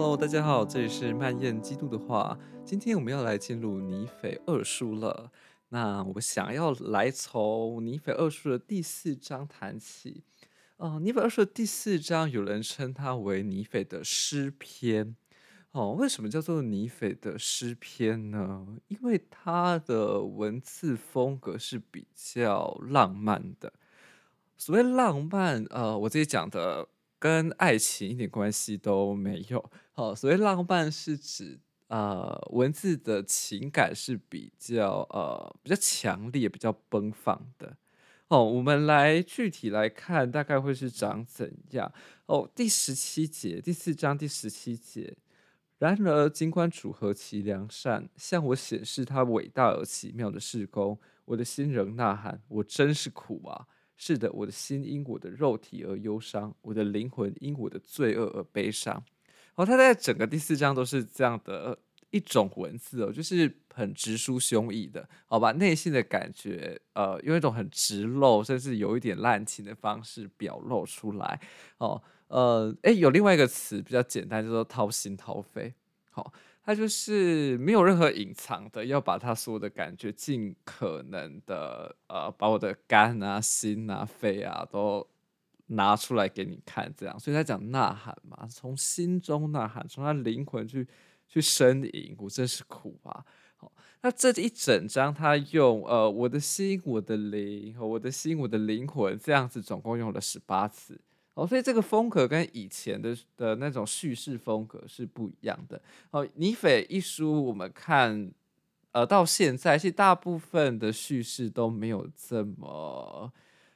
Hello，大家好，這裡是曼燕基督的話。今天我們要來進入尼腓二書了。那我想要來從尼腓二書的第四章談起。嗯、呃，尼腓二書的第四章有人稱它為尼腓的詩篇。哦、呃，為什麼叫做尼腓的詩篇呢？因為它的文字風格是比較浪漫的。所謂浪漫，呃，我這裡講的。跟愛情一點關係都沒有。好，所謂浪漫是指，啊、呃，文字的情感是比較，呃，比較強烈、比較奔放的。哦，我們來具體來看，大概會是長怎樣。哦，第十七節，第四章第十七節。然而，儘管主和其良善向我顯示他偉大而奇妙的事工，我的心仍吶喊：我真是苦啊！是的，我的心因我的肉體而憂傷，我的靈魂因我的罪惡而悲傷。好，他在整個第四章都是這樣的一種文字哦，就是很直抒胸臆的，好吧，內心的感覺，呃，用一種很直露甚至有一點濫情的方式表露出來。哦，呃，誒，有另外一個詞比較簡單，就是掏心掏肺。哦、他就是沒有任何隱藏的，要把他所有的感覺盡可能的呃，把我的肝啊、心啊、肺啊都拿出來給你看，這樣。所以他講吶喊嘛，從心中吶喊，從他靈魂去去呻吟，我真是苦啊！好、哦，那這一整章，他用呃，我的心、我的靈和我的心、我的靈魂這樣子，總共用了十八次。哦，所以這個風格跟以前的的那種敘事風格是不一樣的。哦，《尼腓》一書，我們看，呃，到現在是大部分的敘事都沒有這麼，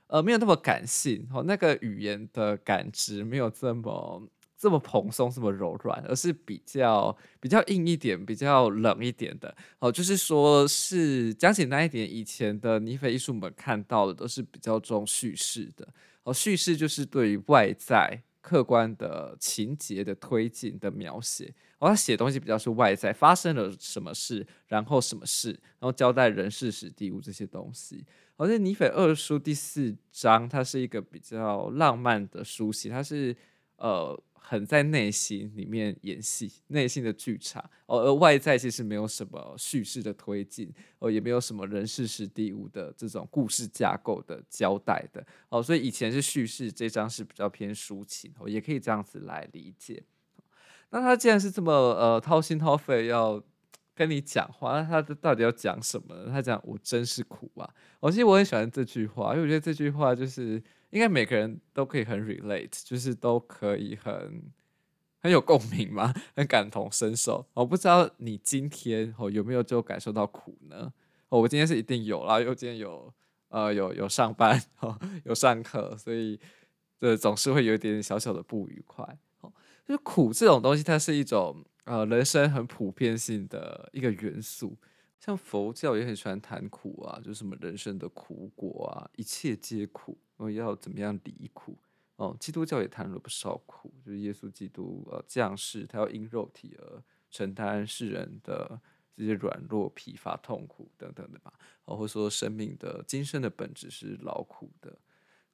呃，沒有那麼感性。哦，那個語言的感知沒有這麼。這麼蓬鬆，這麼柔軟，而是比較比較硬一點，比較冷一點的哦。就是說是講簡單一點，以前的尼腓藝術我們看到的都是比較重敘事的哦。敘事就是對於外在客觀的情節的推進的描寫哦。他寫東西比較是外在發生了什麼事，然後什麼事，然後交代人事時地物這些東西。好、哦、像尼腓二書第四章，它是一個比較浪漫的書寫，它是呃。很在內心裡面演戲，內心的劇場、哦、而外在其實沒有什麼敘事的推進哦，也沒有什麼人事是第五的這種故事架構的交代的哦，所以以前是敘事，這張是比較偏抒情哦，也可以這樣子來理解。那他既然是這麼呃掏心掏肺要跟你講話，那他到底要講什麼呢？他講，我真是苦啊！我記得我很喜歡這句話，因為我覺得這句話就是。應該每個人都可以很 relate，就是都可以很很有共鳴嘛，很感同身受。我，哦，不知道你今天哦有沒有就感受到苦呢？哦，我今天是一定有啦，因為我今天有呃有有上班哦有上課，所以呃總是會有一點小小的不愉快。哦，就是苦這種東西，它是一種呃人生很普遍性的一個元素。像佛教也很喜歡談苦啊，就是什麼人生的苦果啊，一切皆苦哦，要怎麼樣離苦哦、嗯？基督教也談了不少苦，就是耶穌基督呃降世，他要因肉體而承擔世人的這些軟弱、疲乏、痛苦等等的吧？然、呃、後說生命的今生的本質是勞苦的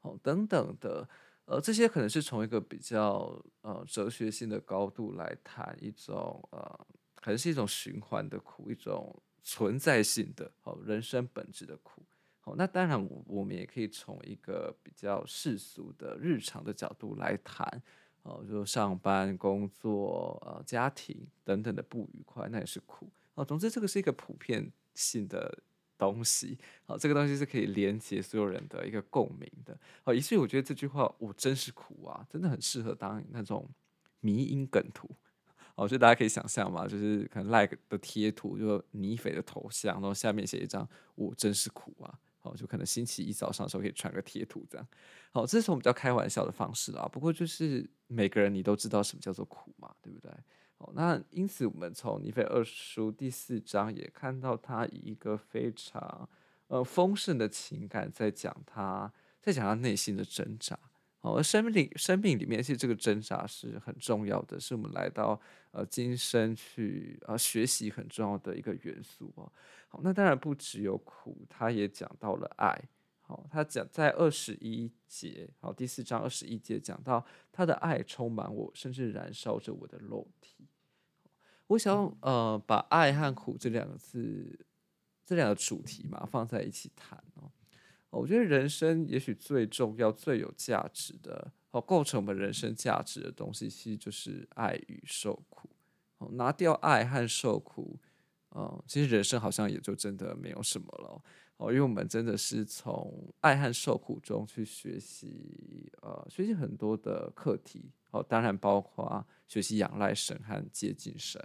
哦、呃，等等的呃，這些可能是從一個比較呃哲學性的高度來談一種呃，可能是一種循環的苦，一種。存在性的哦，人生本質的苦。好，那當然，我我們也可以從一個比較世俗的日常的角度來談好，就是上班、工作、呃，家庭等等的不愉快，那也是苦哦。總之，這個是一個普遍性的東西好，這個東西是可以連接所有人的一個共鳴的好，所以我覺得這句話，我真是苦啊，真的很適合當那種迷因梗圖。哦，好，所以大家可以想象嘛，就是可能 like 的貼圖，就說、是、尼斐的頭像，然後下面寫一張“我、哦、真是苦啊”，哦，就可能星期一早上的時候可以傳個貼圖這樣。好，這是我們比較開玩笑的方式啦，不過就是每個人你都知道什麼叫做苦嘛，對不對？好，那因此我們從尼斐二書第四章也看到他以一個非常呃豐盛的情感在，在講他在講他內心的掙扎。好，生命裡生命裡面其實這個掙扎是很重要的，是我們來到呃今生去呃學習很重要的一個元素哦。好，那當然不只有苦，他也講到了愛。好，他講在二十一節，好，第四章二十一節講到他的愛充滿我，甚至燃燒着我的肉體。我想、嗯、呃，把愛和苦這兩個字，這兩個主題嘛放在一起談。我覺得人生也許最重要、最有價值的好，構成我們人生價值的東西，其實就是愛與受苦。拿掉愛和受苦，嗯，其實人生好像也就真的沒有什麼了。哦，因為我們真的是從愛和受苦中去學習，呃，學習很多的課題。哦，當然包括學習仰賴神和接近神。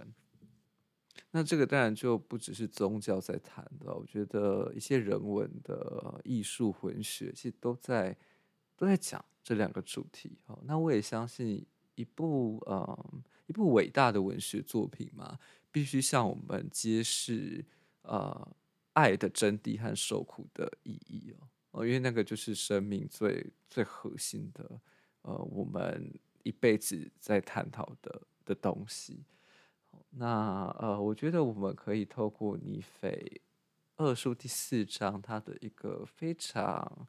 那這個當然就不只是宗教在談的哦，我覺得一些人文的藝術、文學其實都在，都在講這兩個主題。哦，那我也相信一部呃一部偉大的文學作品嘛，必須向我們揭示呃愛的真諦和受苦的意義哦哦，呃，因為那個就是生命最最核心的呃我們一輩子在探討的的東西。那呃，我覺得我們可以透過尼腓二書第四章他的一個非常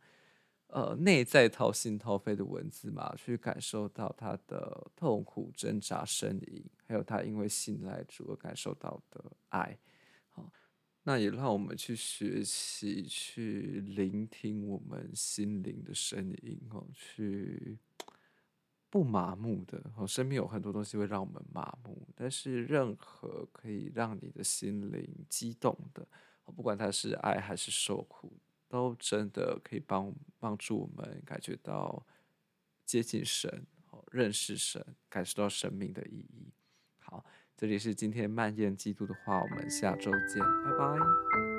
呃內在掏心掏肺的文字嘛，去感受到他的痛苦掙扎聲音，還有他因為信賴主而感受到的愛。好，那也讓我們去學習，去聆聽我們心靈的聲音哦，去。不麻木的，哦，生命有很多東西會讓我們麻木，但是任何可以讓你的心靈激動的，哦，不管它是愛還是受苦，都真的可以幫幫助我們感覺到接近神、哦，認識神、感受到生命的意義。好，這裡是今天漫延基督的話，我們下周見，拜拜。